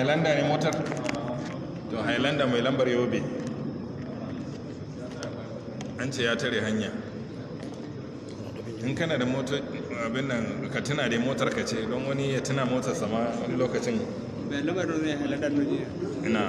highlander ne motar to highlander mai lambar yobe an ce ya tare hanya in kana da motar abin nan ka tuna da motar ka ce don wani ya tuna motar sama wani lokacin bai lambar ne highlander ne ina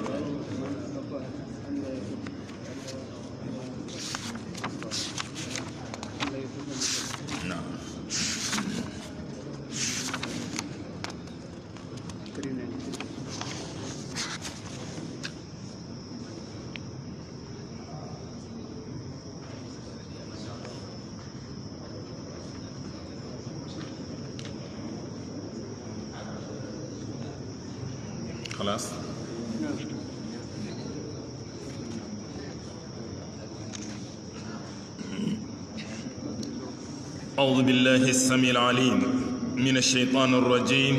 أعوذ بالله السميع العليم من الشيطان الرجيم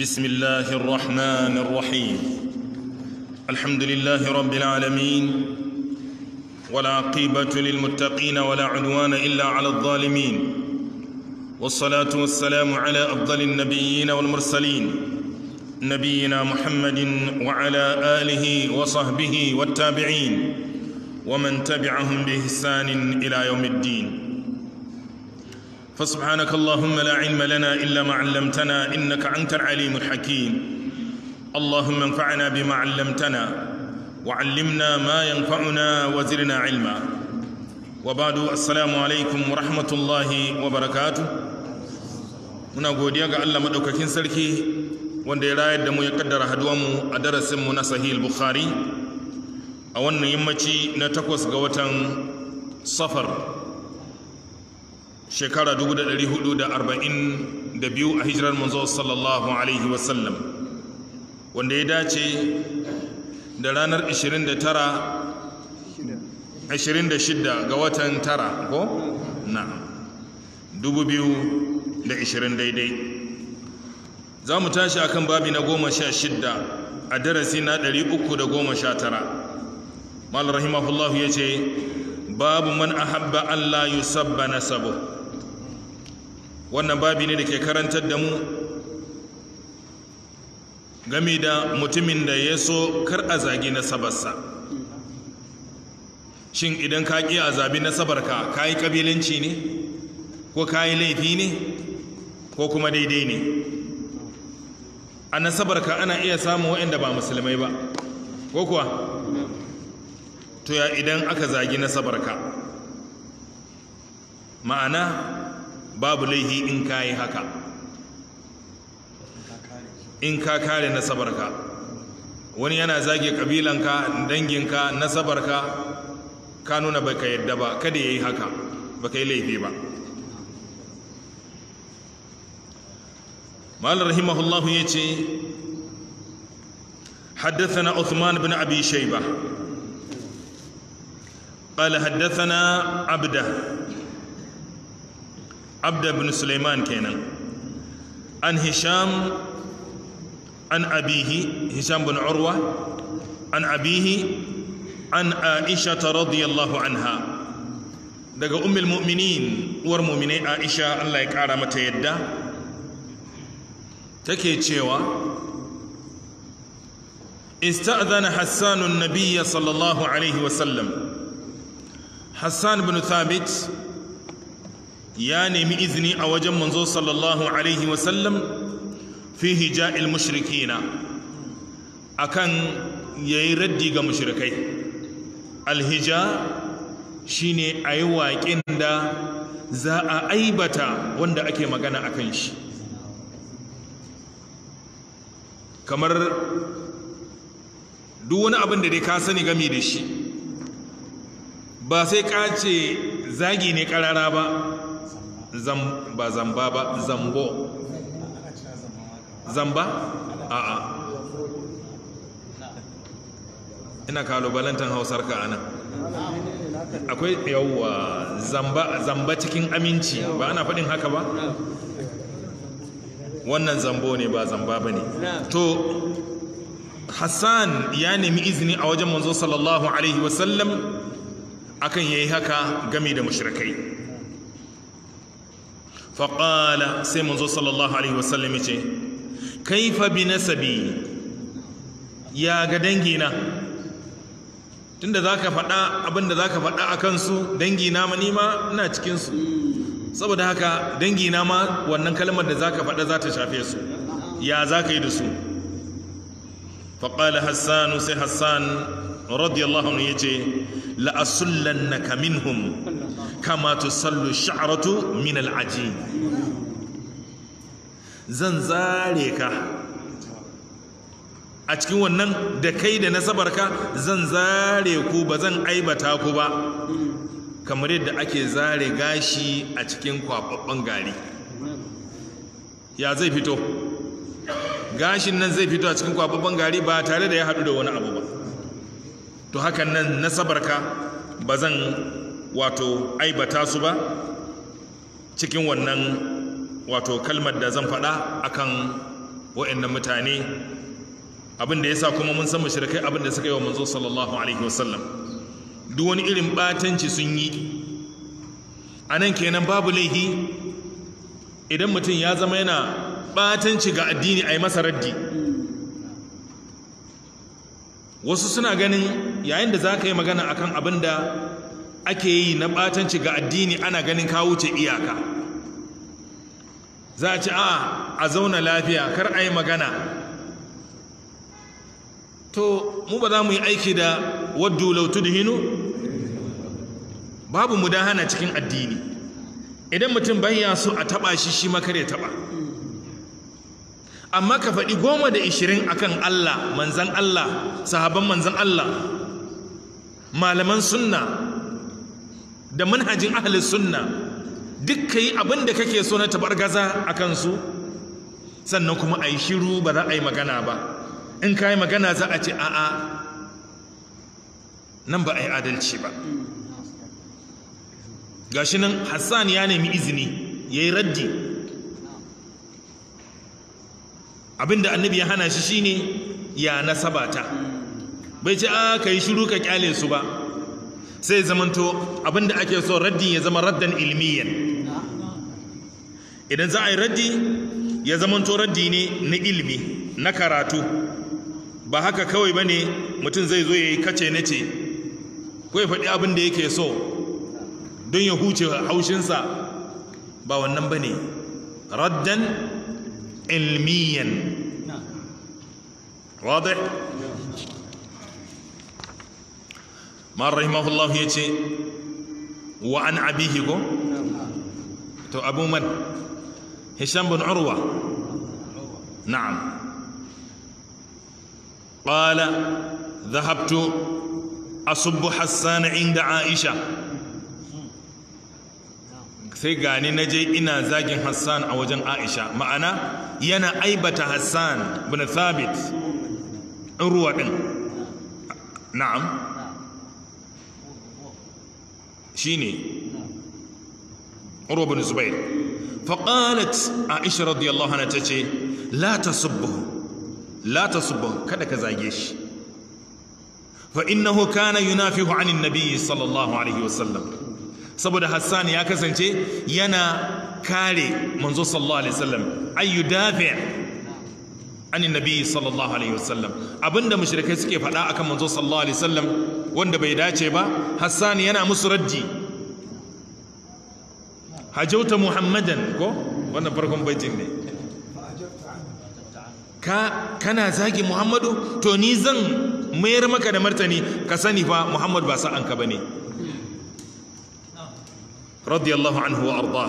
بسم الله الرحمن الرحيم الحمد لله رب العالمين ولا عقيبة للمتقين ولا عدوان إلا على الظالمين والصلاة والسلام على أفضل النبيين والمرسلين نبينا محمد وعلى آله وصحبه والتابعين ومن تبعهم بإحسان إلى يوم الدين فسبحانك اللهم لا علم لنا إلا ما علمتنا إنك أنت العليم الحكيم اللهم انفعنا بما علمتنا وعلمنا ما ينفعنا وزرنا علما وبعد السلام عليكم ورحمة الله وبركاته muna godiya ga Allah madaukakin sarki wanda ya rayar da mu ya kaddara haduwanmu a darasinmu na sahih bukhari a wannan yammaci na takwas ga watan safar shekara 442 a hijirar manzo sallallahu alaihi wasallam wanda ya dace da ranar 26 ga watan 9 ko na 2020 daidai za mu tashi a kan babi na 16 a darasi na 319 mal rahimahullahu ya ce babu man ahabba Allah yusabba sabo. wannan babi ne da ke karantar da mu game da mutumin da ya so kar a zagi nasabarsa shin idan ka ƙi a zabi nasabarka ka yi ƙabilanci ne ko ka yi laifi ne ko kuma daidai ne a nasabarka ana iya samun waɗanda ba musulmai ba ko kuwa to ya idan aka zagi nasabarka ma'ana babu laifi in ka yi haka in ka kare nasabarka wani yana zage kabilanka danginka nasabarka ka nuna baka yadda ba kada ya yi haka baka yi laifi ba malar rahimahullahu ya ce حدثنا عثمان بن أبي شيبة قال حدثنا عبده abda bin suleiman kenan an hisham an abihi hisham bin an abihi an aisha ta radiyallahu anha daga ummul mu'minin uwar mu'mine aisha Allah ya kara mata yadda take cewa استأذن حسان النبي صلى الله عليه وسلم حسان بن ثابت ya nemi izini a wajen manzo sallallahu alaihi wasallam fi hija'il mushrikina akan yayi raddi ga mushrikai alhija shine ayi waƙin da za a aibata wanda ake magana akan shi kamar duk wani abin da dai ka sani game da shi ba sai ka ce zagi ne karara ba ba zamba ba zambo zamba A ina kalubalantar hausar ka ana akwai yawwa zamba cikin aminci ba ana faɗin haka ba wannan zambo ne ba zamba ba ne to hassan ya nemi izini a wajen manzo sallallahu alaihi wasallam akan yi haka game da mushrikai faƙala sai manzo sallallahu alaihi wasallam ce kaifa bi nasabi ya ga dangina tunda za ka faɗa abinda za ka faɗa a kansu dangina ma nima ina cikinsu saboda haka dangina ma wannan kalmar da za ka faɗa za ta shafe su ya za ka yi da su faƙala hassanu sai hassan radiyallahu anhu ya ce na kaminhum kama sallu sha'aratu min al'aji zan zare ka a cikin wannan da kai da nasabarka zan zare ku ba zan aibata ku ba kamar yadda ake zare gashi a cikin kwababban gari ya zai fito gashin nan zai fito a cikin kwababban gari ba tare da ya haɗu da wani abu ba to hakan nan nasabarka ba zan wato aibata su ba cikin wannan wato kalmar da zan faɗa akan wa'annan mutane abin da yasa kuma mun san mushrikai abin da suka yi wa manzo sallallahu alaihi wasallam duk wani irin batanci sun yi anan kenan babu laifi idan mutum ya zama yana batanci ga addini a yi masa raddi wasu suna ganin yayin da za ka yi magana akan abin da ake yi na batanci ga addini ana ganin ka wuce iyaka za a ci a a zauna lafiya kar a yi magana to mu ba za mu yi aiki da waddu lautu da hinu babu mu hana cikin addini idan mutum bayya so a taba shi shi makar ya taba amma ka faɗi goma da ishirin akan Allah manzan Allah sahaban manzan Allah malaman sunna da manhajin ahalin sunna duk yi abin da kake so na tabar gaza a kansu sannan kuma a yi shiru ba za a yi magana ba in ka yi magana za a ce a'a nan ba a yi adalci ba gashi nan hassan ya nemi izini ya yi raddi abinda annabi ya hana shi shine ya nasaba ta. bai ce a ka yi shiru ka kyale su ba sai zamanto abinda ake so raddi ya zama raddan ilmiyan idan za a yi raddi ya zamanto raddi ne na ilmi na karatu ba haka kawai ba ne mutum zai zo ya yi kace na ce ko faɗi abinda yake so don ya huce haushinsa ba wannan ba ne raddan ilmiyan wadda ma rahimahullahu ya ce wa an abihi ko to abu man hisham bin urwa na'am قال ذهبت أصب حسان inda Aisha. sai gani na je ina zagin Hassan a wajen Aisha ma'ana yana aibata Hassan bin Thabit ruwa din na'am shine urwa bin zubair Faƙanat aisha radiyallahu anha tace la tasubbuhu la tasubbuhu kada ka zage shi fa innahu kana yunafihu anin nabiyyi sallallahu alaihi wasallam saboda hassan ya kasance yana kare manzo sallallahu alaihi wasallam ay anin nabi sallallahu alaihi wasallam abinda mushrikai suke faɗa akan manzo sallallahu alaihi wasallam wanda bai dace ba hassan yana musu raddi hajauta muhammadan ko wannan farkon baitin ne kana zagi muhammadu to ni zan mayar maka da martani ka sani fa muhammad ba sa'an ka bane radiyallahu anhu wa arda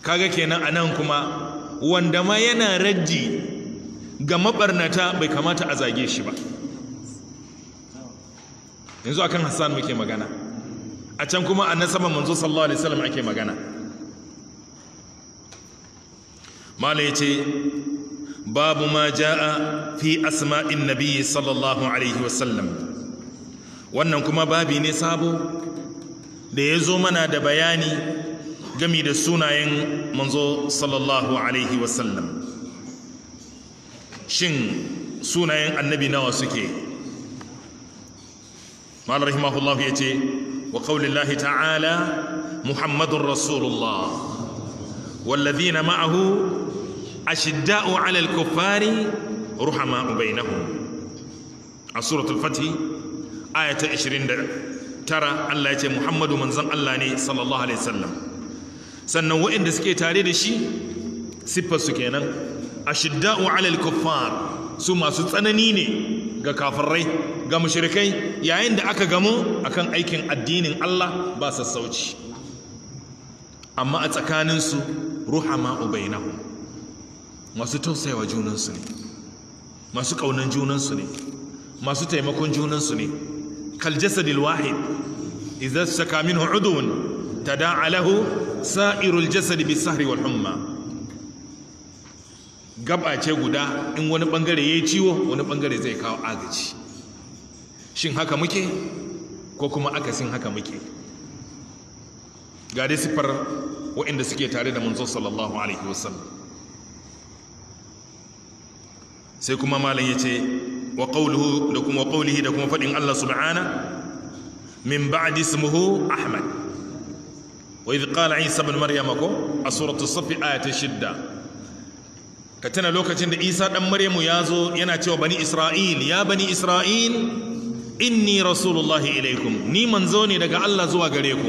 kaga kenan anan kuma wanda ma yana raddi ga mabarnata bai kamata a zage shi ba yanzu akan hassan muke magana a can kuma a nasabar manzo sallallahu alaihi wasallam ake magana mala yace babu ma jaa fi asma'in nabiy sallallahu alaihi wasallam wannan kuma babi ne sabo da ya zo mana da bayani gami da sunayen manzo sallallahu alaihi wasallam shin sunayen annabi nawa suke ma'al rahimahullahu ya ce wa qaulillahi ta'ala muhammadun rasulullah wallazina ma'ahu ashidda'u 'alal kuffari ruhama'u bainahum a suratul fatih ayata 29 Allah ya ce muhammadu manzon Allah ne sallallahu alaihi wasallam sannan waɗanda suke tare da shi siffarsu kenan a ashidda'u alal kuffar su masu tsanani ne ga kafirai ga mashirikai yayin da aka gamo akan aikin addinin Allah ba sassauci amma a tsakaninsu ruhama ubainahu masu tausayawa junansu ne masu ƙaunan junansu ne masu taimakon junansu ne kal jasadil wahid idan saka minhu udun tada'a lahu sa'irul jasad bi sahri wal humma gaba ce guda in wani bangare yayi ciwo wani bangare zai kawo agaci shin haka muke ko kuma aka sin haka muke ga dai sifar waɗanda suke tare da manzo sallallahu alaihi wasallam sai kuma malam yace wa qawluhu da kuma qawlihi da kuma fadin Allah subhana min ba'di ismuhu ahmad wa idh qala isa ibn maryama ko a suratu safi ta shidda ka tana lokacin da isa ɗan maryamu ya zo yana cewa bani isra'il ya bani isra'il inni rasulullahi ilaikum ni manzo ne daga allah zuwa gare ku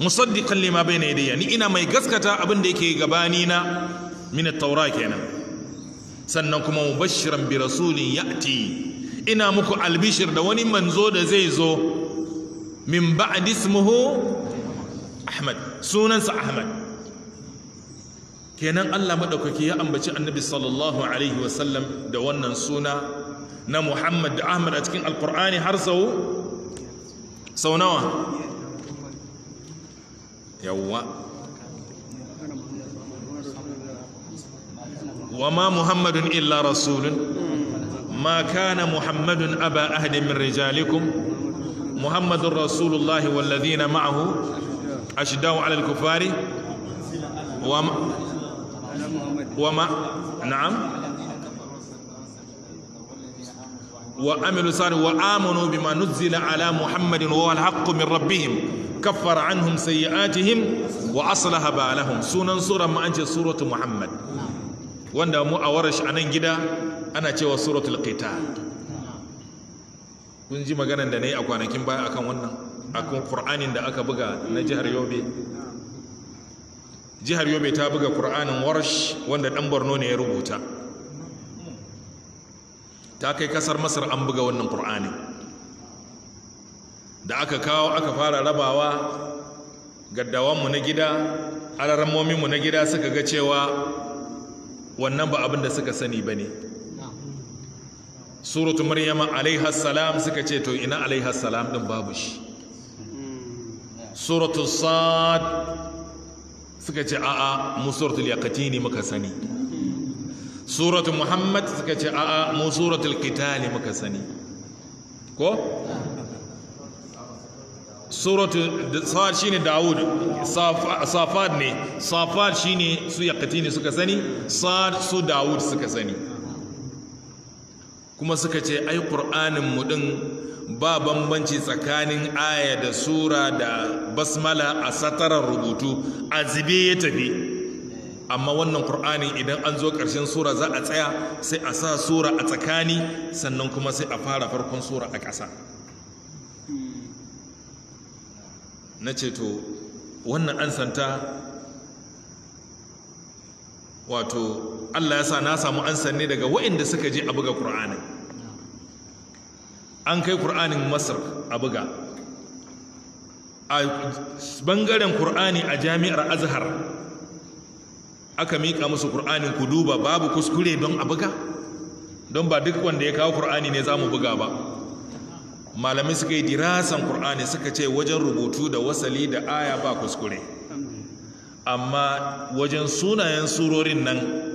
musaddiqan lima bayna yadayya ni ina mai gaskata abin da yake gabani na min at kenan sannan kuma mu mubashiran bi rasulin ya'ti ina muku albishir da wani manzo da zai zo min ba'di ismuhu ahmad sunansa ahmad kenan allah maɗaukaki ya ambaci annabi sallallahu alaihi wasallam da wannan suna na muhammad da ahmad a cikin alkur'ani har sau sau nawa yawwa wama muhammadun illa rasulun ma kana muhammadun aba ahadin min rijalikum muhammadun rasulullahi wallazina ma'ahu ashidawu alal kufari wa ma na'am wa amilu sari wa amanu bima nuzzila ala muhammadin wa alhaqqu min rabbihim kaffara anhum sayyi'atihim wa aslaha balahum sunan sura mu an ce muhammad wanda mu a warash anan gida ana cewa suratul qital kun ji maganan da nayi a kwanakin baya akan wannan akan qur'anin da aka buga na jihar yobe jihar yobe ta buga qur'anin warsh wanda dan borno ne ya rubuta ta kai ƙasar masar an buga wannan qur'anin da aka kawo aka fara rabawa gaddawanmu na gida alarammominmu na gida suka ga cewa wannan ba abin da suka sani ba ne suratu maryama alaihassalam suka ce to ina alaihassalam din babu shi suratul sad suka ce a'a mu suratul yaqati ne muka sani suratul muhammad suka ce a'a mu suratul qitali muka sani ko suratul sad shine daud safad ne safad shine su yaqati ne suka sani sad su daud suka sani kuma suka ce ai qur'anin mu din ba bambanci tsakanin aya da sura da basmala a satarar rubutu a zibe ya tafi amma wannan Kur'ani idan an zo ƙarshen sura za a tsaya sai a sa sura a tsakani sannan kuma sai a fara farkon sura a ƙasa na ce wannan an santa wato allah ya sa na samu an sanne daga waɗanda suka je a buga ƙur'anin an kai ƙur'anin masar a buga a bangaren ƙur'ani a jami'ar azhar aka miƙa musu ƙur'anin ku duba babu kuskure don a buga don ba duk wanda ya kawo ƙur'ani ne za mu buga ba malamai suka yi dirasan ƙur'ani suka ce wajen rubutu da wasali da aya ba kuskure amma wajen sunayen surorin nan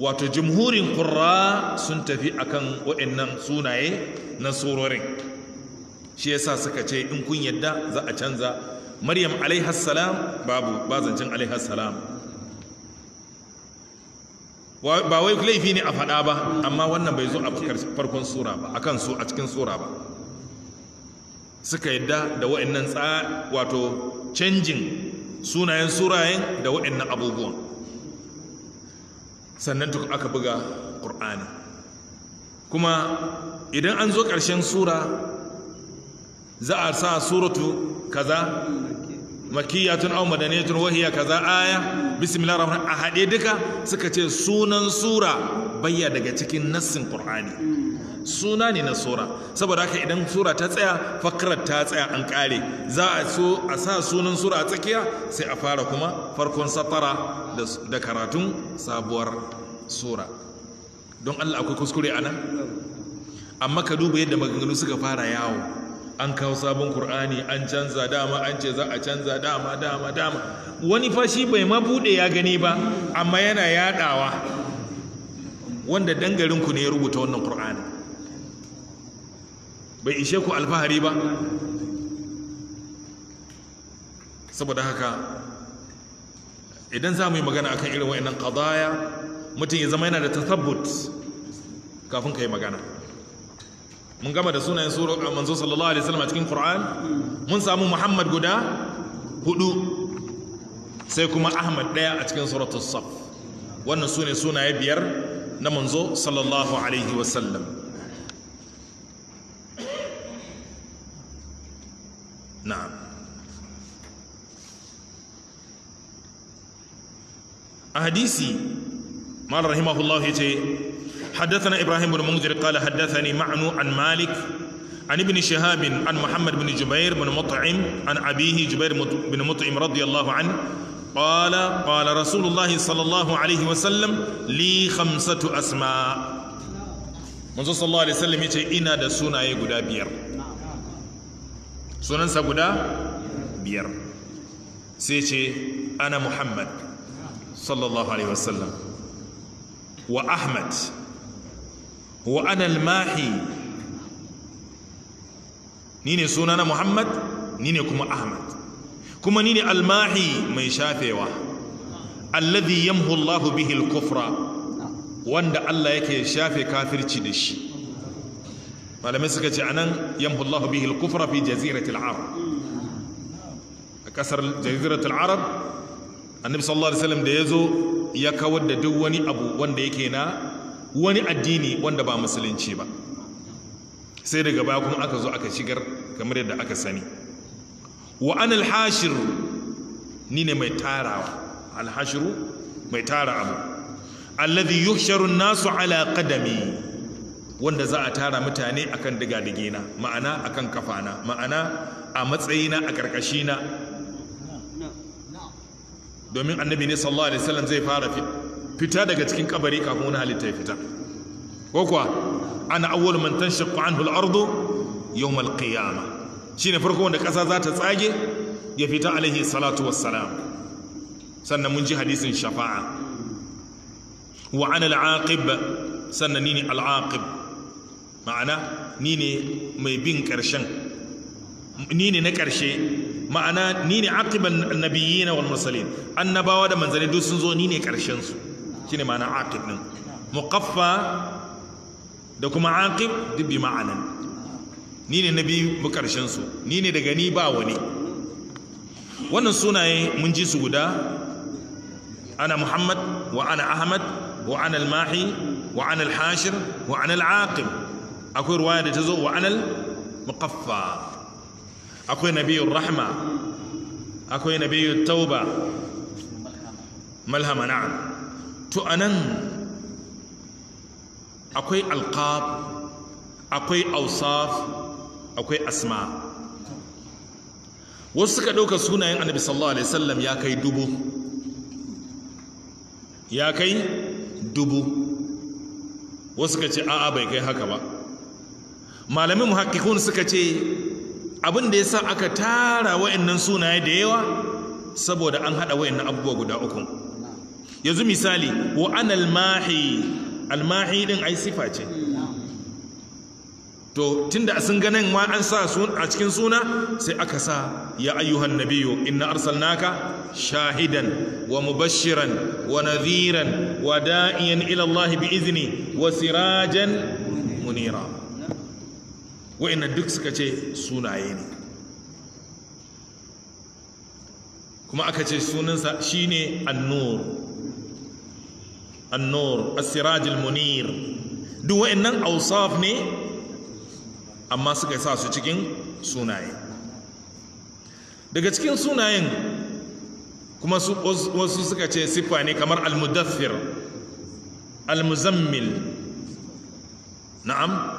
wato jimhurin kurra sun tafi akan waɗannan sunaye na tsororin shi yasa suka ce in kun yadda za a canza maryam alaihassalam babu bazancin alaihassalam ba wai laifi ne a faɗa ba amma wannan bai zo a farkon sura ba akan su a cikin sura ba suka yadda da waɗannan tsa wato canjin sunayen tsorayen da waɗannan abubuwan sannan tuk aka buga ƙur'ani kuma idan an zo ƙarshen sura za a sa suratu kaza makiyatun au madaniyatun wahiya kaza aya bismillah rahman a haɗe duka suka ce sunan sura bayya daga cikin nassin ƙur'ani suna ne na sura saboda haka idan sura ta tsaya fakarar ta tsaya an kare za a so a sa sunan sura a tsakiya sai a fara kuma farkon satara da karatun sabuwar sura don Allah akwai kuskure a nan amma ka duba yadda maganganu suka fara yawo an kawo sabon Kur'ani an canza dama an ce za a canza dama dama dama wani fashi bai ma bude ya gani ba amma yana yadawa wanda dangarinku ne ya rubuta wannan Kur'ani. bai ishe ku alfahari ba saboda haka idan za mu yi magana akan irin wa'annan kadaya mutum ya zama yana da tasabbut kafin ka yi magana mun gama da sunayen a manzo sallallahu alaihi wasallam a cikin Qur'an mun samu Muhammad guda hudu sai kuma Ahmad daya a cikin suratul Saf wannan sune sunaye biyar na manzo sallallahu alaihi wasallam hadisi mara rahimahullahu ya ce haddathana ibrahim bin munzir qala haddathani ma'nu an malik an ibn shahab an muhammad bin jubair bin mut'im an abihi jubair bin mut'im radiyallahu an qala qala sallallahu alayhi wa sallam li khamsatu asma munzo sallallahu alayhi wa sallam yace ina da sunaye guda biyar sunansa guda biyar sai ce ana muhammad sallallahu alaihi wasallam wa ahmad wa ana al-mahi ni ne sunana muhammad nine kuma ahmad kuma nine ne al-mahi mai shafewa alladhi yamhu Allahu bihi al wanda Allah yake shafe kafirci da shi malamai suka ce anan yamhu Allahu bihi al fi jaziratil arab a kasar jaziratul arab annabi sallallahu alaihi wasallam da ya zo ya kawar da duk wani abu wanda yake na wani addini wanda ba musulunci ba sai daga baya kuma aka zo aka shigar kamar yadda aka sani wa alhashir ni ne mai tarawa alhashiru mai tara abu alladhi yuhsharu nasu ala qadami wanda za a tara mutane akan diga digina ma'ana akan kafana ma'ana a matsayina a karkashina domin annabi ne sallallahu alaihi wasallam zai fara fita daga cikin kabari kafin wani halitta ya fita ko kuwa ana awwal man tanshaqqu anhu al-ardu yawm al-qiyamah shine farko wanda kasa za ta tsage ya fita alaihi salatu wassalam sannan mun ji hadisin shafa'a wa ana al-aqib sannan ni ne al-aqib ma'ana ni ne mai bin karshen ni ne na karshe ma'ana ni ne aqiban nabiyina wal mursalin annabawa da manzanni duk sun zo ni ne karshen su shine ma'ana aqib din muqaffa da kuma aqib duk ma'ana ni ne nabi mu karshen su ni ne daga ni ba wani wannan sunaye mun ji su guda ana muhammad wa ana ahmad wa ana al-mahi wa ana al-hashir wa ana al-aqib akwai ruwaya da ta zo wa ana al-muqaffa akwai nabiyun rahma akwai nabiyun tauba malhama na'am to anan akwai alkaf akwai ausaf akwai asma' wasu suka ɗauka sunayen annabi sallallahu alaihi wasallam ya kai dubu ya kai dubu wasu suka ce a'a bai kai haka ba malamin muhakkikun suka ce abin da ya sa aka tara wayannan sunaye da yawa saboda an hada wayannan abubuwa guda uku yanzu misali wa an mahi al din ai sifa ce to tunda sun ganin ma an sa a cikin suna sai aka sa ya ayyuhan nabiyyu inna arsalnaka shahidan wa mubashiran wa nadhiran wa da'iyan ila Allah bi izni wa sirajan munira wa'annan duk suka ce sunaye ne kuma aka ce sunansa shine annur annur asirajil munir duk wa'annan ausaf ne amma suka sa su cikin sunaye daga cikin sunayen kuma wasu suka ce siffa ne kamar al-mudaffir al-muzammil na'am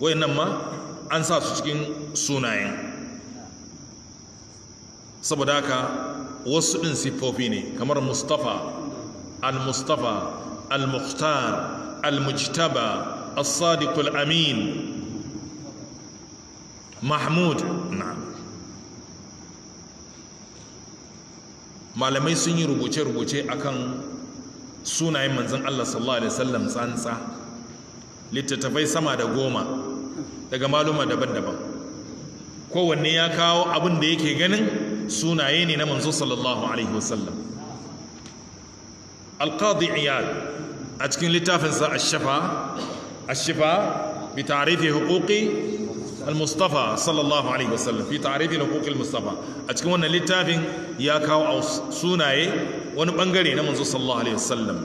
Wai nan ma an sa su cikin sunayen saboda haka wasu ɗin siffofi ne kamar mustafa al-mustafa al-mukhtar al-mujtaba al-sadiqul Amin, mahmud na. malamai sun yi rubuce-rubuce akan sunayen manzan Allah sallallahu alaihi wasallam tsantsa littattafai sama da goma daga maluma daban-daban kowanne ya kawo abin da yake ganin sunaye ne na manzo sallallahu alaihi wasallam alqadi iyad a cikin littafinsa ash-shafa ash-shifa bi ta'rifi huquqi al-mustafa sallallahu alaihi wasallam fi ta'rifi huquqi al-mustafa a cikin wannan littafin ya kawo sunaye wani bangare na manzo sallallahu alaihi wasallam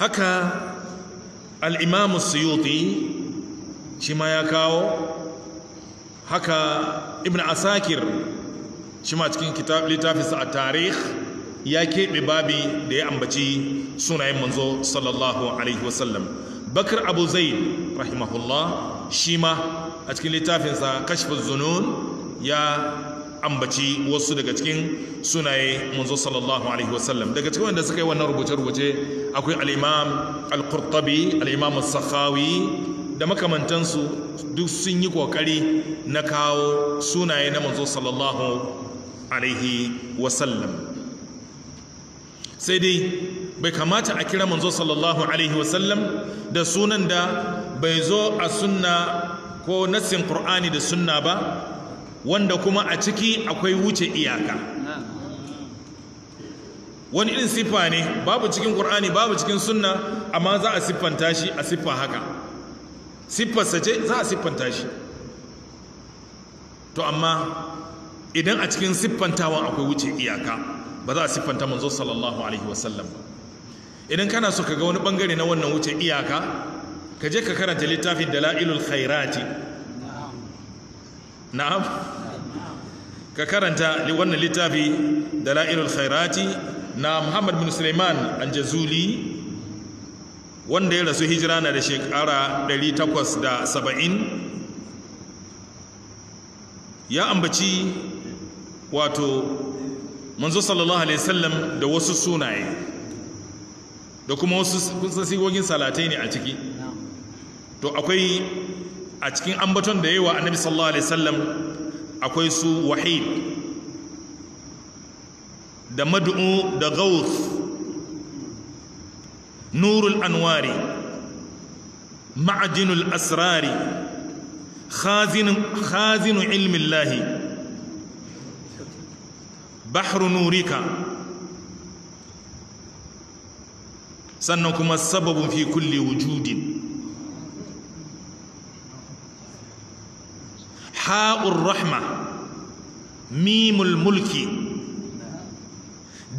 haka al-imam as-suyuti shi ma ya kawo haka ibn asakir shi ma cikin littafinsa a tarih ya keɓe babi da ya ambaci sunayen manzo sallallahu alaihi wasallam bakar abu rahimahullah shi ma a cikin littafinsa kashfin zunun ya ambaci wasu daga cikin sunaye munzo sallallahu alaihi wasallam daga cikin wanda suka yi wannan rubuce-rubuce akwai al-imam al-qurtubi al sakhawi da makamantansu duk sun yi kokari na kawo sunaye na manzo sallallahu alaihi wasallam sai dai bai kamata a kira manzo sallallahu alaihi wasallam da sunan da bai zo a sunna ko nassin qur'ani da sunna ba wanda kuma a ciki akwai wuce iyaka wani irin siffa ne babu cikin qur'ani babu cikin sunna amma za a siffanta shi a siffa haka siffarsa ce za a siffanta shi to amma idan a cikin siffantawan akwai wuce iyaka ba za a siffanta manzo sallallahu alaihi wasallam ba idan kana so ka ga wani bangare na wannan wuce iyaka ka je ka karanta littafin dala'ilul khairati na'am ka karanta wannan littafi dala'ilul khairati na Muhammad bin Sulaiman an jazuli wanda ya rasu hijira na da shekara 870 ya ambaci wato manzo sallallahu alaihi wasallam da wasu sunaye da kuma wasu sigogin salatai ne a ciki to akwai a cikin ambaton da yawa annabi sallallahu alaihi wasallam akwai su wahid da mad'u da gawth nurul anwari ma'ajinul asrari khazinu ilmin lahi bahru nurika sannan kuma sababin fi kulli wujudin ha'ur rahma mimul mulki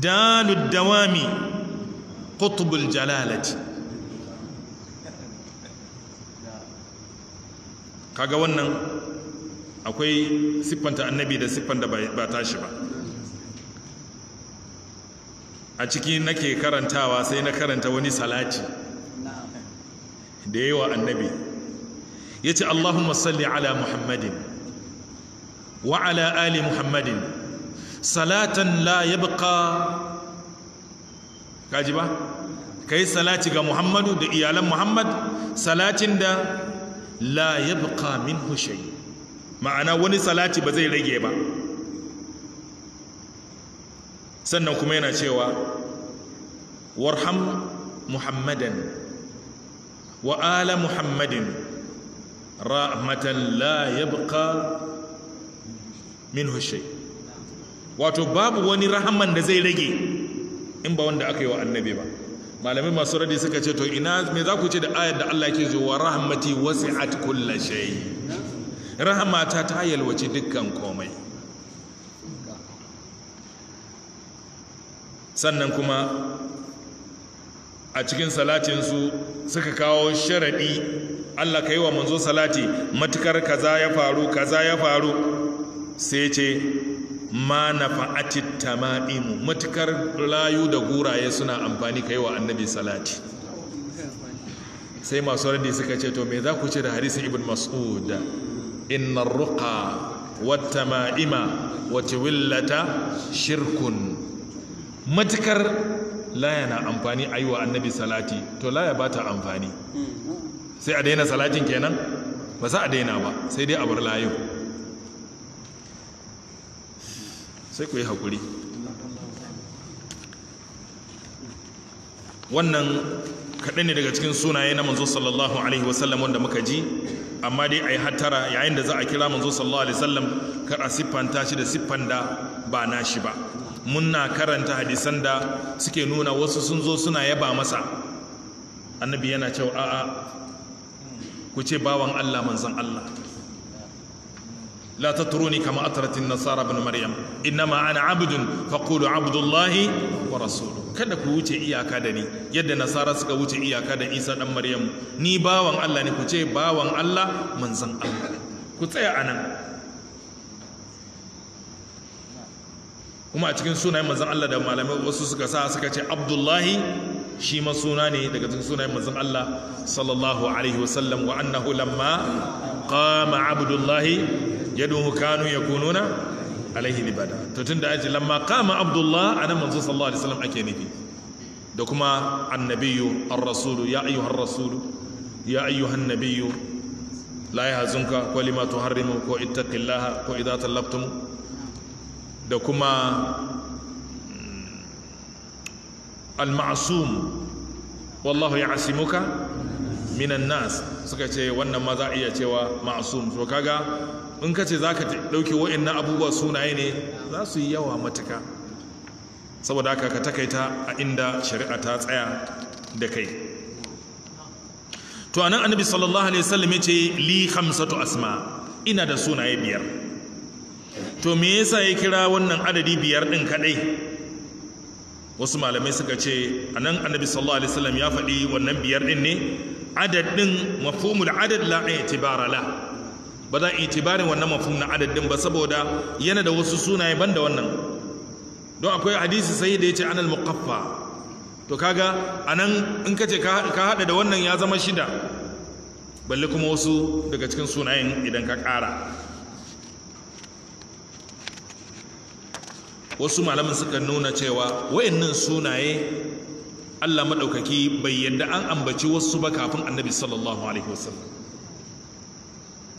dalud dawami qutbul jalalati kaga wannan akwai siffanta annabi da siffan da ba tashi ba a ciki nake karantawa sai na karanta wani salati da yawa annabi ya ce allahumma salli ala muhammadin wa ala ali muhammadin salatan la yabqa gaji ba ka yi salati ga muhammadu da iyalan muhammad salatin da la ya yabqa min hushai. ma'ana wani salati ba zai rage ba sannan kuma yana cewa warham muhammadan wa ala muhammadin rahmatan la ya yabqa min hushai. wato babu wani rahaman da zai rage in ba wanda aka yi wa annabi ba malamai masu radi suka ce to ina me za ku ce da ayar da Allah yake zuwa rahmati wasi'at kulli shay rahmata ta yalwace dukkan komai sannan kuma a cikin salatinsu suka kawo sharaɗi Allah ka yi wa manzo salati matukar kaza ya faru kaza ya faru sai ce ma nafa'atit ma'imu. matukar layu da guraye suna amfani kai wa annabi salati sai masu radi suka ce to me za ku ce da hadisin ibn mas'ud inna ruqa wata ma'ima wata willata shirkun matukar laya na amfani a yi wa annabi salati to laya ba ta amfani sai a daina salatin kenan ba za a daina ba sai dai a bar layu sai ku yi haƙuri wannan kaɗai ne daga cikin sunaye na manzo sallallahu alaihi wasallam wanda muka ji amma dai a yi hattara yayin da za a kira manzo sallallahu alaihi wasallam kar a siffanta shi da siffan da ba na shi ba muna karanta hadisan da suke nuna wasu sun zo suna yaba masa annabi yana cewa a'a ku ce bawan Allah manzon Allah لا تطروني كما أطرت النصارى بن مريم إنما أنا عبد فقولوا عبد الله ورسوله kada ku wuce iyaka da ni yadda nasara suka wuce iyaka da isa dan maryamu ni bawan allah ne ku ce bawan allah manzan allah ku tsaya a nan kuma a cikin sunayen manzan allah da malamai wasu suka sa suka ce abdullahi shi ma suna ne daga cikin sunayen manzon Allah sallallahu alaihi wasallam wa annahu lamma qama abdullahi yadda kanu ya kununa alaihi libada to tun da aji lamma kama abdullah a nan manzo sallallahu alaihi wasallam ake nufi da kuma annabiyu ar-rasulu ya ayyuha ar-rasulu ya ayyuha an-nabiyyu la yahzunka ko lima tuharrimu ko ittaqillaha ko idza talabtum da kuma mm, al-ma'sum wallahu ya'simuka minan nas suka ce wannan ma za iya cewa ma'sum to kaga in ka ce za ka ɗauke wa'annan abubuwa sunaye ne za su yi yawa matuka saboda kaka ka takaita a inda shari'a ta tsaya da kai to anan annabi sallallahu alaihi wasallam yace li khamsatu asma ina da sunaye biyar to me yasa ya kira wannan adadi biyar din kadai wasu malamai suka ce anan annabi sallallahu alaihi wasallam ya faɗi wannan biyar din ne adad din mafhumul adad la i'tibara la ba za a itibarin wannan mafum na adadin ba saboda yana da wasu sunaye ban da wannan don akwai hadisi sai da ya ce anal muqaffa to kaga a nan in kace ka hada da wannan ya zama shida balle kuma wasu daga cikin sunayen idan ka kara wasu malamin suka nuna cewa wayannan sunaye Allah maɗaukaki bai yadda an ambaci wasu ba kafin Annabi sallallahu alaihi wasallam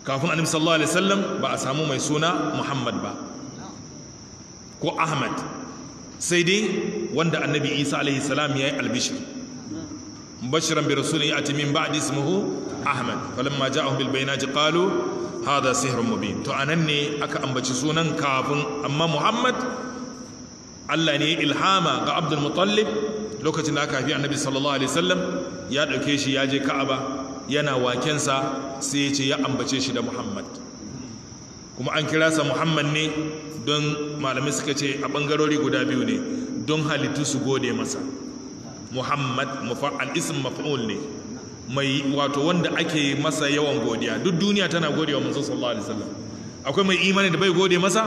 kafin annabi sallallahu alaihi wasallam ba a samu mai suna muhammad ba ko ahmad sai dai wanda annabi isa alaihi salam ya yi albishir bashiran bi rasulin ya atimin ba'di ismuhu ahmad falamma ja'ahum bil bayyinati qalu hadha sihrun mubin to anan ne aka ambaci sunan kafin amma muhammad Allah ne ya ilhama ga Abdul Muttalib lokacin da aka haifi Annabi sallallahu alaihi wasallam ya dauke shi ya je Ka'aba yana wakensa sai ya ce ya ambace shi da muhammad kuma an kira sa muhammad ne don malamai suka ce a bangarori guda biyu ne don halittu su gode masa muhammad al'isin mafa'ul ne mai wato wanda ake masa yawan godiya duk duniya tana godiya wa sallallahu alaihi wasallam akwai mai imani da bai gode masa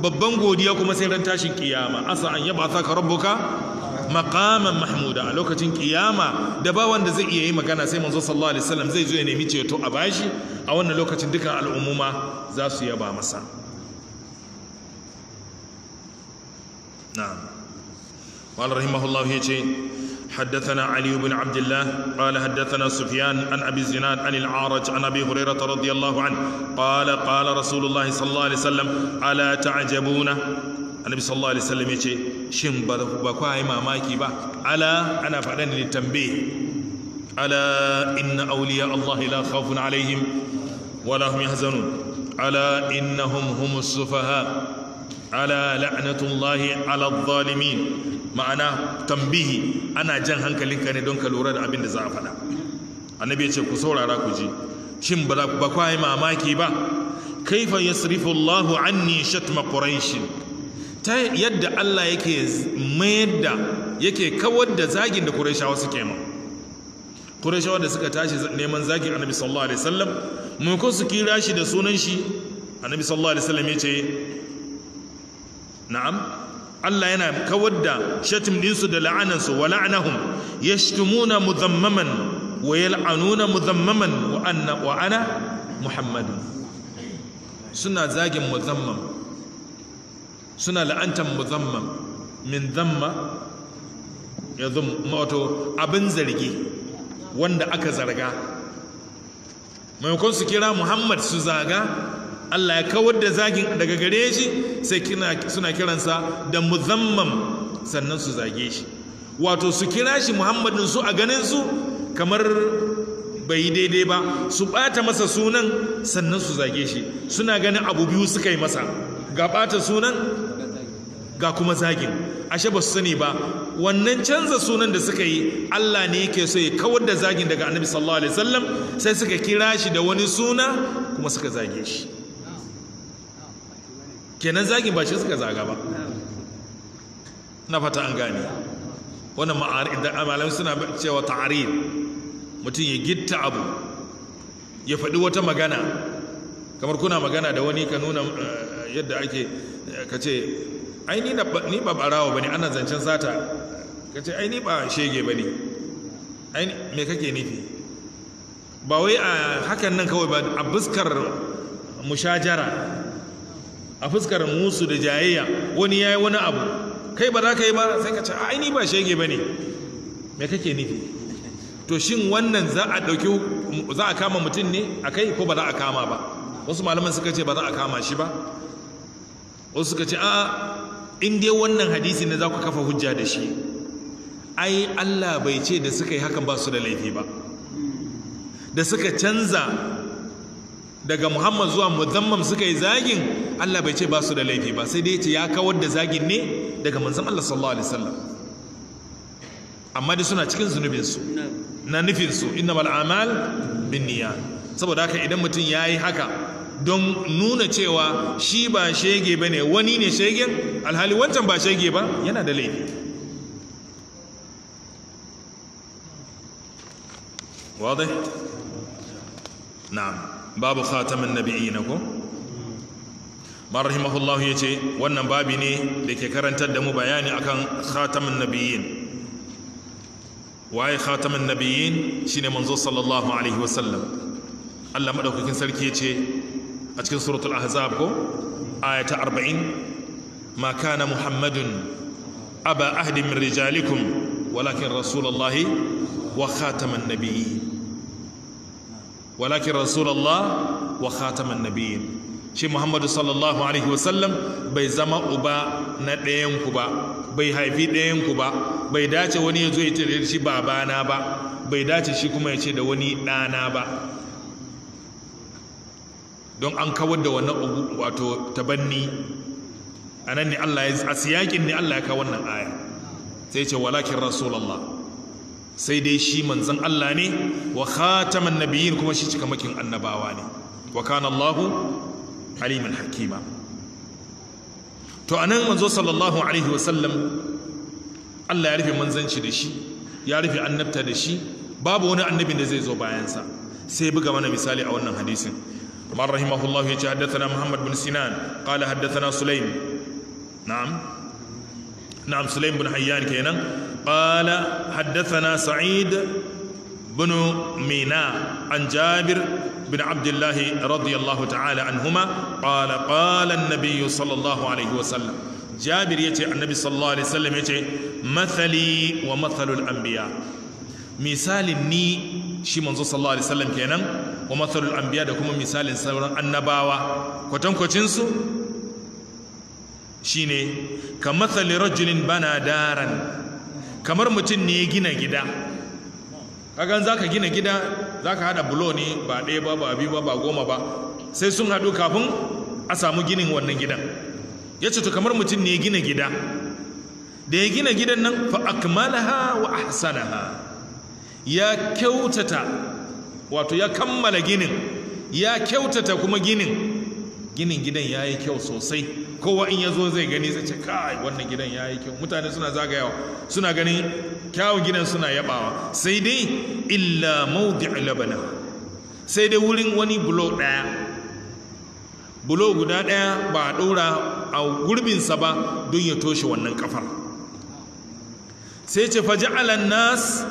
babban godiya kuma sai ran tashin kiyama asa an yaba saka rabbuka maqaman mahmuda a lokacin kiyama da ba wanda zai iya yi magana sai manzo sallallahu alaihi wasallam zai zo ya nemi ceto a bashi a wannan lokacin dukan al'umma za su yaba masa na'am قال رحمه الله يجي حدثنا علي بن عبد الله قال حدثنا سفيان عن ابي الزناد عن العارج عن ابي هريره رضي الله عنه قال قال رسول الله صلى الله عليه وسلم الا تعجبون annabi sallallahu alaihi wasallam yace shin ba ba ku yi mamaki ba ala ana faɗa ne tambaye ala inna awliya allahi la khawfun alaihim wala hum yahzanun ala innahum humus sufaha ala la'natullahi ala adh-dhalimin ma'ana tambihi ana jan hankalinka ne don ka lura da abin da za a faɗa annabi ya ce ku saurara ku ji shin ba ba kwa yi mamaki ba kaifa yasrifu Allahu anni shatma quraish ta yadda Allah yake mayar da yake kawar da zagin da Qurayshawa suke ma Qurayshawa da suka tashi neman zagin Annabi sallallahu alaihi wasallam mun ko su kira shi da sunan shi Annabi sallallahu alaihi wasallam yace na'am Allah yana kawar da shatim dinsu da la'anansu wa la'anahum yashtumuna mudhammaman wa yal'anuna mudhammaman wa anna wa ana Muhammadu suna zagin mudhammam suna la'antar muzamman min zamma ya zama wato abin zargi wanda aka zarga maimakon su kira muhammad su zaga allah ya kawar da zagin daga gare shi sai suna kiransa da muzamman sannan su zage shi wato su kira shi muhammadin su a ganin su kamar bai yi daidai ba su bata masa sunan sannan su zage shi suna ganin abu biyu suka yi masa ga bata sunan ga kuma zagin ashe ba su sani ba wannan canza sunan da suka yi Allah ne yake so ya kawar da zagin daga annabi sallallahu alaihi wasallam sai suka kira shi da wani suna kuma suka zage shi kenan zagin ba shi suka zaga ba na fata an gane wannan malamai suna cewa ta'arid mutum ya gitta abu ya faɗi wata magana kamar kuna magana da wani ka nuna eh, yadda ake eh, ka ce ai ni ba barawa ba ne ana zancen sata ka ce ai ni ba shege ba ne ai me kake nufi ba wai a hakan nan kawai ba a fuskar mushajara a fuskar musu da jayayya wani ya yi wani abu kai ba za ka yi ba sai ka ce ai ni ba shege ba ne me kake nufi to shin wannan za a dauki za a kama mutum ne a kai ko ba za a kama ba wasu malaman suka ce ba za a kama shi ba wasu suka ce a in dai wannan hadisi ne za ku kafa hujja da shi ai Allah bai ce da suka yi hakan ba su da laifi ba da suka canza daga Muhammad zuwa muzammam suka yi zagin Allah bai ce ba su da laifi ba sai dai ce ya kawar da zagin ne daga manzan Allah sallallahu alaihi wasallam amma dai suna cikin zunubinsu na nufinsu innamal bin binniyat saboda haka idan mutum ya yi haka don nuna cewa shi ba shege ba ne wani ne shegen alhali wancan ba shege ba yana da laifi wadai? na'am babu khatamin nabi'i na ko? man ya ce wannan babi ne da ke karantar da mu bayani akan khatamin nabi'in waye khatamin nabiyin shine manzo sallallahu alaihi wasallam Allah madaukakin sarki ya ce. a cikin suratul ahzab ko ayata ta 40 ma kana muhammadun aba ahdi min rijalikum walakin rasulullahi wa khataman nabiyyi walakin rasulullah wa khataman nabiyyi shi muhammadu sallallahu alaihi wasallam bai zama uba na ɗayan ku ba bai haifi ɗayan ku ba bai dace wani ya zo ya ce shi babana ba bai dace shi kuma ya ce da wani ɗana ba don an kawar da wannan wato tabanni a nan ne Allah ya a siyakin ne Allah ya kawo wannan aya sai ce walakin rasulallah sai dai shi manzan Allah ne wa khataman nabiyyin kuma shi cika makin annabawa ne wa kana Allahu aliman hakima to anan manzo sallallahu alaihi wa sallam Allah ya rufe manzanci da shi ya rufe annabta da shi babu wani annabi da zai zo bayansa sai buga mana misali a wannan hadisin عمر رحمه الله يجي حدثنا محمد بن سنان قال حدثنا سليم نعم نعم سليم بن حيان كينا قال حدثنا سعيد بن ميناء عن جابر بن عبد الله رضي الله تعالى عنهما قال قال النبي صلى الله عليه وسلم جابر يتي النبي صلى الله عليه وسلم يتي مثلي ومثل الأنبياء مثال ني shi manzo sallallahu alaihi wasallam kenan wa mathalul anbiya da kuma misalin sauran annabawa kwatankwacin su shine ka mathali rajulin bana daran kamar mutum ne ya gina gida za zaka gina gida zaka hada bulo ne ba ɗaya ba ba biyu ba ba goma ba sai sun haɗu kafin a samu ginin wannan gidan ya ce to kamar mutum ne ya gina gida da ya gina gidan nan fa akmalaha wa ahsanaha ya kyautata wato ya kammala ginin ya kyautata kuma ginin ginin gidan ya yi kyau sosai kowa in ya zo zai gani zai ce kai wannan gidan ya yi kyau mutane suna zagayawa suna ganin kyawun gidan suna yabawa sai dai illa maudi labana sai dai wurin wani bulo daya bulo guda daya ba a ɗora a gurbinsa ba don ya toshe wannan kafar sai ce alan nas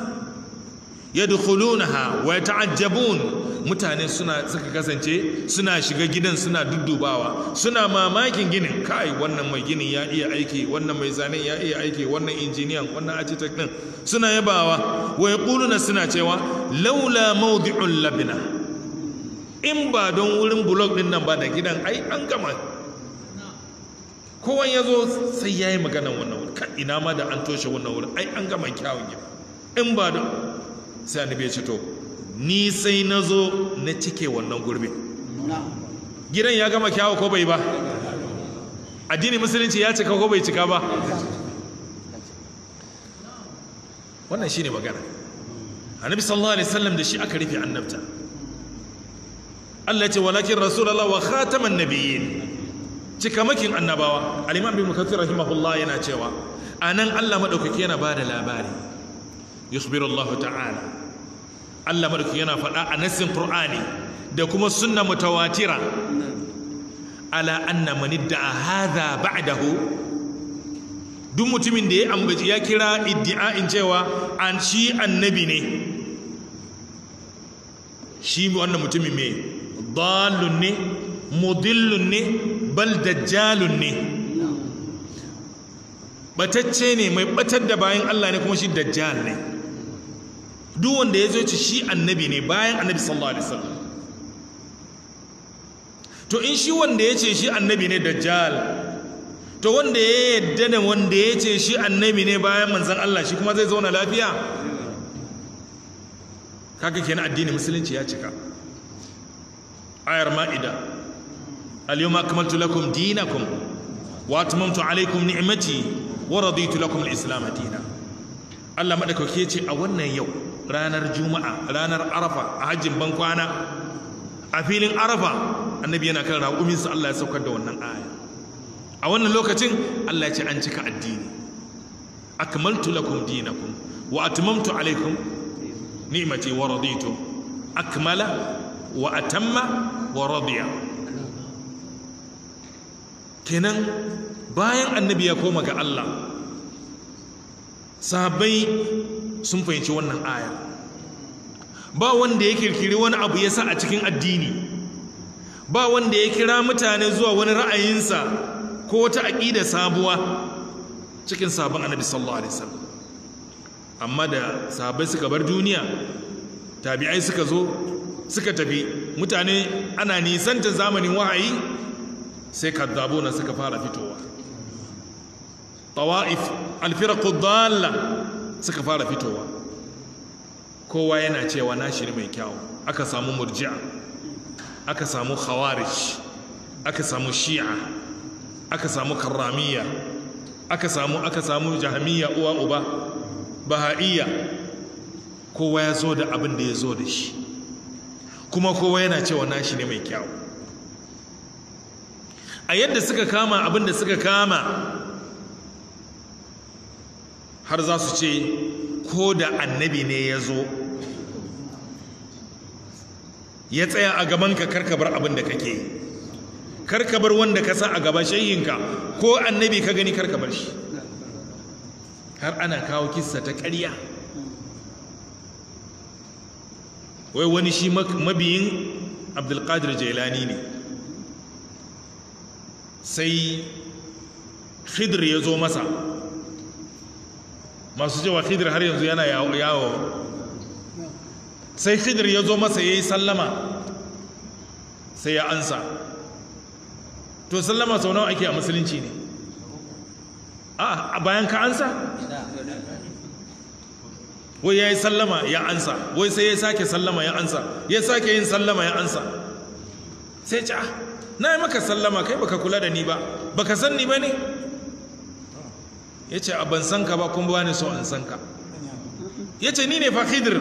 yadkhulunaha wa yata'ajjabun mutane suna suka kasance suna shiga gidan suna duddubawa suna mamakin ginin kai wannan mai ginin ya iya aiki wannan mai zanen ya iya aiki wannan injiniyan wannan architect din suna yabawa wa yaquluna suna cewa laula mawdi'ul labina in ba don wurin blog din nan ba da gidan ai an gama kowan yazo sai yayi maganan wannan wurin ina ma da an toshe wannan wurin ai an gama kyawun gida in ba don sai annabi ya ce to ni sai na zo na cike wannan gurbin gidan ya gama kyawu ko bai ba addini musulunci ya cika ko bai cika ba wannan shi ne magana annabi sallallahu alaihi wasallam da shi aka rufe annabta Allah ya ce walakin rasulullah wa khataman nabiyyin cikamakin annabawa al-imam ibn kathir rahimahullah yana cewa anan Allah madaukake yana bada labari yukhbiru Allah ta'ala Allah madauki yana faɗa a nasin Kur'ani da kuma sunna mutawatira ala anna man idda'a hadha ba'dahu duk mutumin da ya ambaci ya kira iddi'a'in cewa an shi annabi ne shi wannan mutumin me dalun ne mudillun ne bal dajjalun ne batacce ne mai ɓatar da bayan Allah ne kuma shi dajjal ne duk wanda ya zo ci shi annabi ne bayan annabi sallallahu alaihi wasallam to in shi wanda ya ce shi annabi ne dajjal to wanda ya yadda da wanda ya ce shi annabi ne bayan manzan Allah shi kuma zai zauna lafiya kaga kenan addini musulunci ya cika ayar ma'ida al-yawma akmaltu lakum dinakum wa atmamtu alaykum ni'mati wa raditu lakum al-islam dinan Allah madaukake ce a wannan yau ranar juma'a ranar arafa a hajjin ban kwana a filin arafa annabi yana kan raƙuminsa Allah ya saukar da wannan aya a wannan lokacin Allah ya ce an cika addini akmaltu lakum dinakum wa atmamtu alaikum ni'mati wa raditu akmala wa atamma wa radiya kenan bayan annabi ya koma ga Allah sahabbai sun fahimci wannan aya ba wanda ya kirkiri wani abu ya sa a cikin addini ba wanda ya kira mutane zuwa wani ra'ayinsa ko wata aƙida sabuwa cikin sabon annabi sallallahu alaihi wasallam amma da sahabbai suka bar duniya tabi'ai suka zo suka tafi mutane ana nisanta zamanin wahayi sai na suka fara fitowa tawa'if alfiraqud dalla suka fara fitowa kowa yana cewa na shiri mai kyawu aka samu murji'a aka samu khawarij aka samu shi'a aka samu karramiya aka samu aka samu jahamiya uwa uba baha'iyya kowa ya zo da abin da ya zo da shi kuma kowa yana cewa nashi ne mai kyau. a yadda suka kama abin da suka kama har za su ce ko da annabi ne ya zo ya tsaya a gabanka karka bar abin da kake karka bar wanda ka sa a gaban shayinka ko annabi ka gani karka bar shi har ana kawo kisa ta karya? wai wani shi mabiyin abdulkadir jailani ne sai khidr ya zo masa masu cewa khidir har yanzu yana yawo sai khidir ya zo masa ya yi sallama sai ya ansa to sallama sau nawa ake a musulunci ne a bayan ka ansa wai ya yi sallama ya ansa wai sai ya sake sallama ya ansa ya sake yin sallama ya ansa sai ca. Ah, na yi maka sallama kai baka kula da ni ba baka san ni ba ne ya ce a ban san ka ba kuma ba ne so an san ka ya ce ni ne fa khidir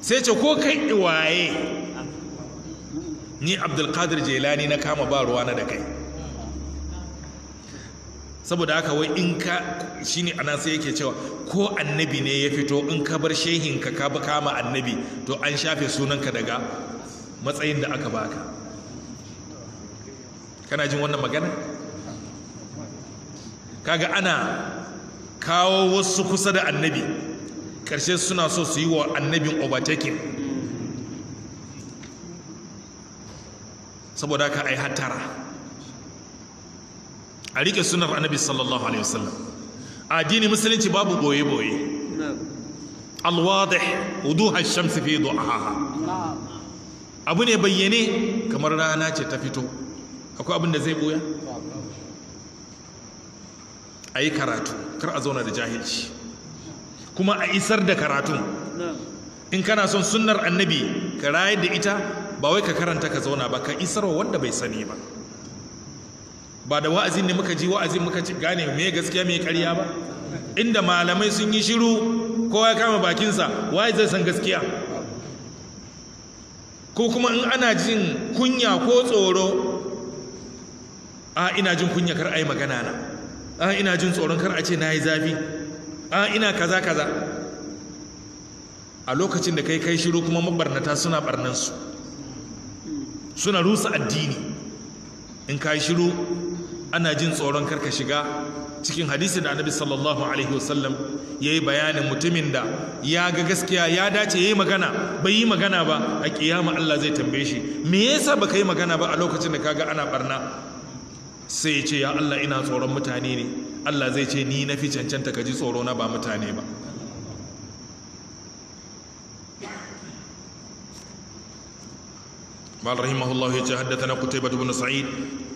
sai ce ko kai iwaye ni abdulkadir jelani na kama ba ruwa na da kai saboda haka wai in ka shine anan sai yake cewa ko annabi ne ya fito in ka bar shehinka ka bi kama annabi to an shafe sunanka daga matsayin da aka baka kana jin wannan magana kaga ana kawo wasu kusa da annabi karshe suna so su yi wa annabin overtaking saboda ka ai hattara a rike sunar annabi sallallahu alaihi wasallam addini musulunci babu boye-boye alwadih wuduha shamsi fi du'aha abu ne bayyane kamar rana ce ta fito akwai abin da zai boya a yi karatu kar a zauna da jahilci kuma a isar da karatun in kana son sunnar annabi ka rayar da ita ba wai ka karanta ka zauna ba ka isarwa wanda bai sani ba ba da wa'azin ne muka ji wa'azin muka gane me gaskiya me karya ba inda malamai sun yi shiru kowa ya kama bakinsa waye zai san gaskiya ko kuma in ana jin kunya ko tsoro a ina jin kunya kar a yi magana na a ah, ina jin tsoron kar a ce na yi zafi a ah, ina kaza kaza a lokacin da kai kai shiru kuma mabarnata suna barnansu suna rusa addini in ka yi shiru ana jin tsoron kar ka shiga cikin hadisi da annabi sallallahu alaihi wasallam ya yi bayanin mutumin da ya ga gaskiya ya dace ya yi magana bai yi magana ba a kiyama Allah zai tambaye shi me yasa ba ka yi magana ba a lokacin da ka ga ana barna sai ya ce ya Allah ina tsoron mutane ne Allah zai ce ni na fi cancanta ka ji tsoro na ba mutane ba ce رحمه na يتحدثنا قتيبة بن Sa'id.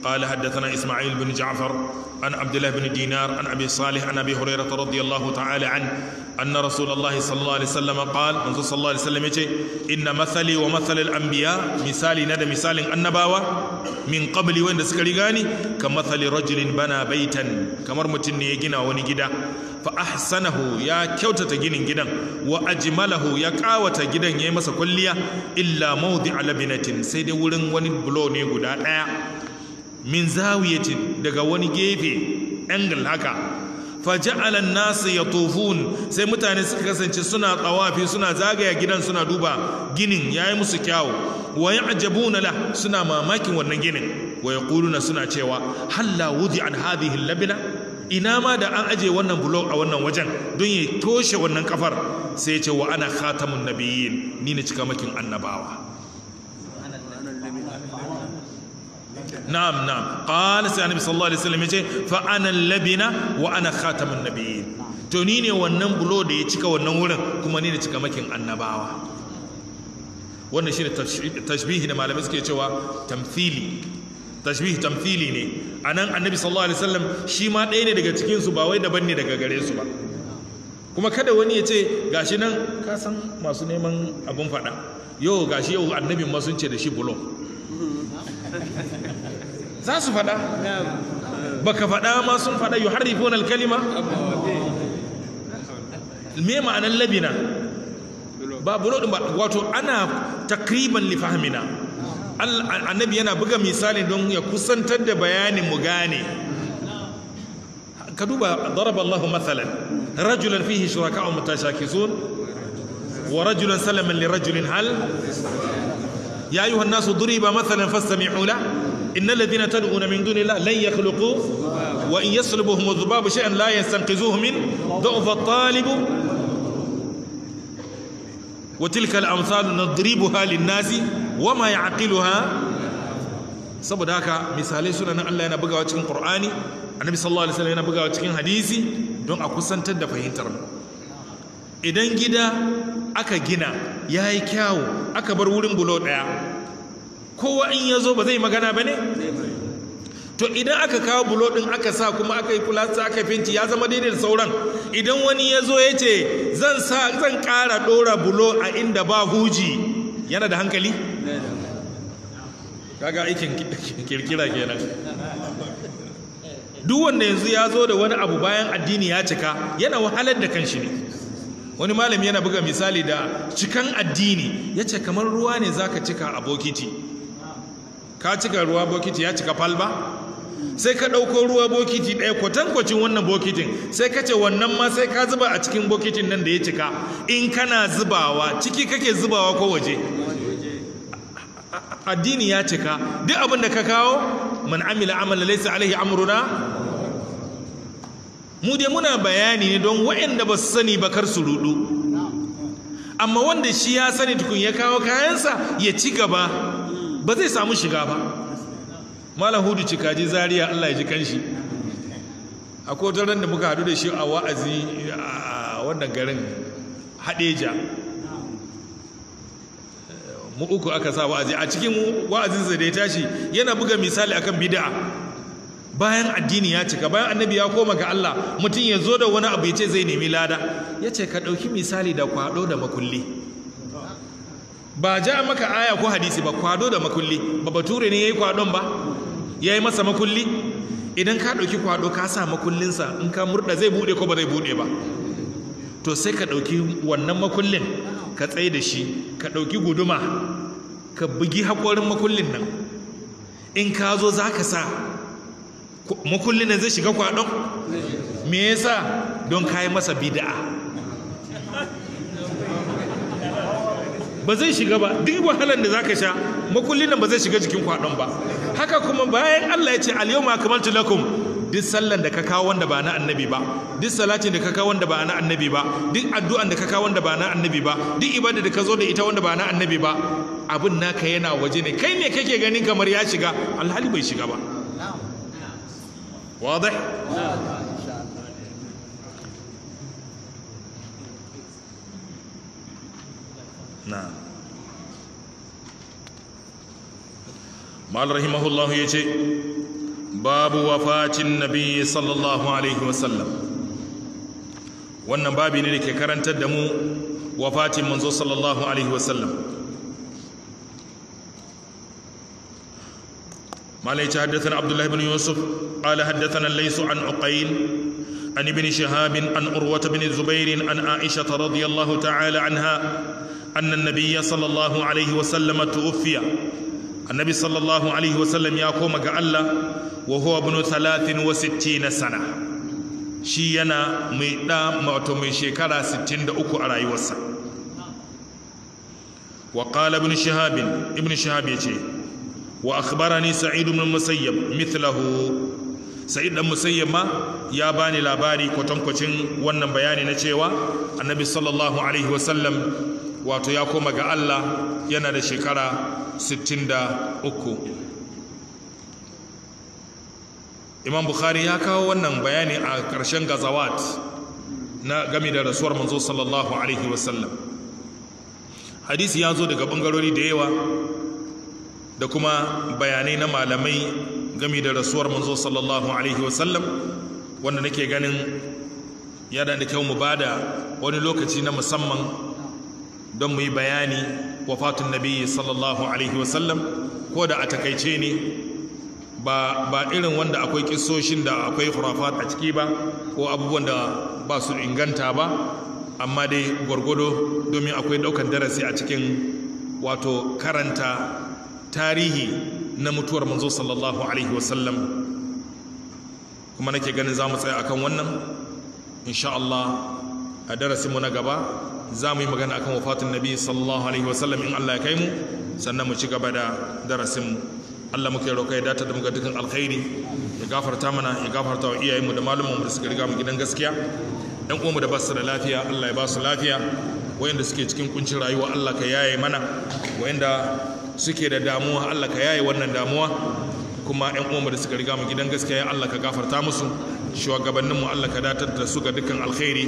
قال حدثنا إسماعيل بن جعفر عن عبد الله بن دينار عن أبي صالح عن أبي هريرة رضي الله تعالى عنه أن رسول الله صلى الله عليه وسلم قال من صلى الله عليه وسلم إن مثلي ومثل الأنبياء مثالي ندى مثال النباوة من قبل وين سكريغاني كمثل رجل بنى بيتا كمر متني جنا ونجدا فأحسنه يا كوتة جن جدا وأجمله يا كاوة جدا يمس كلية إلا موضع لبنة سيد ولن ونبلوني قدا min zawiyatin daga wani gefe angle haka faja'ala an nasu yatufun sai mutane suka kasance suna tsawafi suna zagaya gidan suna duba ginin yayi musu kyawu wa ya'jabuna la suna mamakin wannan ginin wa yaquluna suna cewa halla wudi an hadhihi labina ina ma da an aje wannan blog a wannan wajen don ya toshe wannan kafar sai ya ce wa ana khatamun nabiyyin ni ne cika makin annabawa na'am na'am قال سيدنا annabi sallallahu alaihi عليه وسلم fa ana labina wa ana khatamun nabiyyin to ni ne wannan bulo da ya cika wannan wurin kuma ni ne cika makin annabawa wannan shi ne tashbihi da malamai suke cewa tamthili tashbihi tamthili ne anan annabi sallallahu alaihi wasallam shi ma ɗaya ne daga cikin su ba wai daban ne daga gare su ba kuma kada wani ya ce gashi nan ka san masu neman abun faɗa yau gashi yau annabin ma sun ce da shi bulo za su faɗa baka faɗa ma sun faɗa yi harrifon alkalima me ma'anan labina ba burodin ba wato ana takriban lifahimina annabi yana buga misali don ya kusantar da bayanin mu gane ka duba daraballahu matsalan rajulan fihi shuraka a mutashakizun wa rajulan salaman li hal ya yi hannasu duri ba matsalan fasta mai hula innal ladina tad'una min dunillahi lan yakhluqu wa in yaslubuhum adh-dhubabu shay'an la yastanqizuhu min dha'f at-talib wa tilka al-amsal nadribuha lin-nasi wa ma ya'qiluha saboda haka misalai suna nan Allah yana bugawa cikin Qur'ani Annabi sallallahu alaihi wasallam yana bugawa cikin hadisi don a kusantar da fahimtar mu idan gida aka gina yayi kyawu aka bar wurin bulo daya kowa in ya zo ba zai magana ba ne to idan aka kawo bulo ɗin aka sa kuma aka yi fulasta aka fenti ya zama daidai da sauran idan wani ya zo ya ce zan sa zan ƙara ɗora bulo a inda ba huji yana da hankali kaga aikin kirkira kenan duk wanda yanzu ya zo da wani abu bayan addini ya cika yana wahalar da kanshi ne wani malami yana buga misali da cikan addini ya ce kamar ruwa ne zaka cika a bokiti ka cika ruwa bokiti ya cika falba sai ka ɗauko ruwa bokiti ɗaya kwatankwacin wannan bokitin sai ka ce wannan ma sai ka zuba a cikin bokitin nan da ya cika in kana zubawa ciki kake zubawa ko waje addini ya cika duk abin da ka kawo man amila amala laisa alaihi amruna mu dai muna bayani ne don waɗanda ba su sani ba kar su rudu amma wanda shi ya sani tukun ya kawo kayansa ya ci gaba ba zai samu shiga ba malam hudu cikaji zariya allah ya ji kanshi a nan da muka hadu da shi a wa'azi a wannan garin hadeja mu uku aka sa wa'azi a cikin wa'azinsa da ya tashi yana buga misali akan bida'a. bayan addini ya cika bayan annabi ya koma ga Allah mutum ya zo da wani abu ya ce zai nemi lada ya ce ka ɗauki misali da kwaɗo da makulli ba ja maka aya ko hadisi ba kwado da makulli ba bature ne ya yi kwadon ba yayi masa makulli idan ka ɗauki kwado ka sa makullinsa in ka murda zai bude ko ba zai buɗe ba to sai ka ɗauki wannan makullin ka tsaye da shi ka ɗauki guduma ka bugi hakorin makullin nan in ka zo za ka sa makullin nan zai shiga kwadon me yasa don ka yi masa bid'a ba zai shiga ba duk wahalar da zaka sha makullin nan ba zai shiga jikin kwadon ba haka kuma bayan Allah ya ce al yawma akmaltu lakum duk sallan da ka kawo wanda ba na annabi ba duk salatin da ka kawo wanda ba na annabi ba duk addu'an da ka kawo wanda ba na annabi ba duk ibada da ka zo da ita wanda ba na annabi ba abin naka yana waje ne kai ne kake ganin kamar ya shiga alhali bai shiga ba واضح na ma'al rahimahullahu ya ce babu wafacin nabi sallallahu alaihi wasallam wannan babi ne da ke karantar da mu wafatin manzo sallallahu alaihi wasallam ما ta حدثنا Abdullahi bin Yusuf يوسف قال حدثنا an عن عن ابن شهاب عن أروة بن الزبير عن عائشة رضي الله تعالى عنها أن النبي صلى الله عليه وسلم توفي النبي صلى الله عليه وسلم يقوم قال وهو ابن ثلاث وستين سنة شينا ميتا معتمي شكرا ستين دأكو على يوسا وقال ابن شهاب ابن شهاب يجي وأخبرني سعيد بن المسيب مثله Sa'id dan musayyib ma ya bani labari kwatankwacin wannan bayani na cewa annabi sallallahu alaihi wasallam wato ya koma ga Allah yana da shekara 63 Imam Bukhari ya kawo wannan bayani a ƙarshen gazawat na game da rasuwar manzo sallallahu alaihi wasallam hadisi ya zo daga bangarori da yawa da kuma bayanai na malamai Gami da rasuwar manzo sallallahu alaihi wasallam wanda nake ganin ya da kyau mu bada wani lokaci na musamman don mu yi bayani wafatun nabi sallallahu alaihi wasallam ko da a takaice ne ba ba irin wanda akwai kisoshin da akwai hurafat a ciki ba ko abubuwan da ba su inganta ba amma dai gwargwado domin akwai daukan darasi a cikin wato karanta tarihi na mutuwar manzo sallallahu alaihi wasallam kuma nake ganin za mu tsaya akan wannan insha Allah a darasinmu na gaba za mu yi magana akan Wafatun nabi sallallahu alaihi wasallam in Allah ya kai mu sannan mu ci gaba da darasinmu Allah muke roƙa ya data da muka dukkan alkhairi ya gafarta mana ya gafarta wa iyayenmu da malumanmu da suka riga mu gidan gaskiya ɗan uwanmu da ba su da lafiya Allah ya ba su lafiya wayanda suke cikin kuncin rayuwa Allah ka yaye mana wayanda suke da damuwa Allah ka yaye wannan damuwa kuma ƴan uwanmu da suka riga mu gidan gaskiya ya Allah ka gafarta musu shugabanninmu Allah ka datar da su ga dukkan alkhairi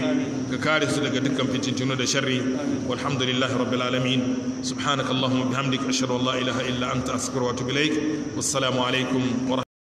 ka kare su daga dukkan fitintunu da sharri walhamdulillahi rabbil alamin subhanakallahumma bihamdika ashhadu an la ilaha illa anta astaghfiruka wa atubu ilaik wassalamu alaikum